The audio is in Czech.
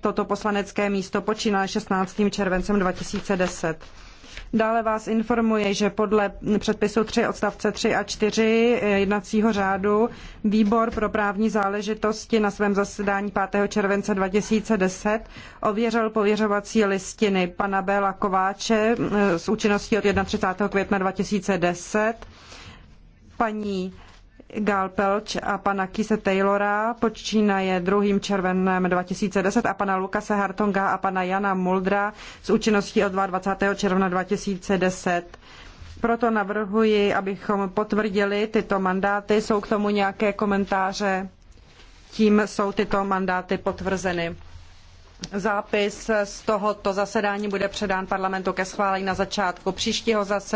toto poslanecké místo počínaje 16. červencem 2010. Dále vás informuji, že podle předpisu 3 odstavce 3 a 4 jednacího řádu výbor pro právní záležitosti na svém zasedání 5. července 2010 ověřil pověřovací listiny pana Béla Kováče eh, s účinností od 31. května 2010, paní Gal Pelč a pana Kise Taylora, počínaje 2. červenem 2010 a pana Lukase Hartonga a pana Jana Muldra s účinností od 22. června 2010. Proto navrhuji, abychom potvrdili tyto mandáty. Jsou k tomu nějaké komentáře? Tím jsou tyto mandáty potvrzeny. Zápis z tohoto zasedání bude předán parlamentu ke schválení na začátku příštího zasedání.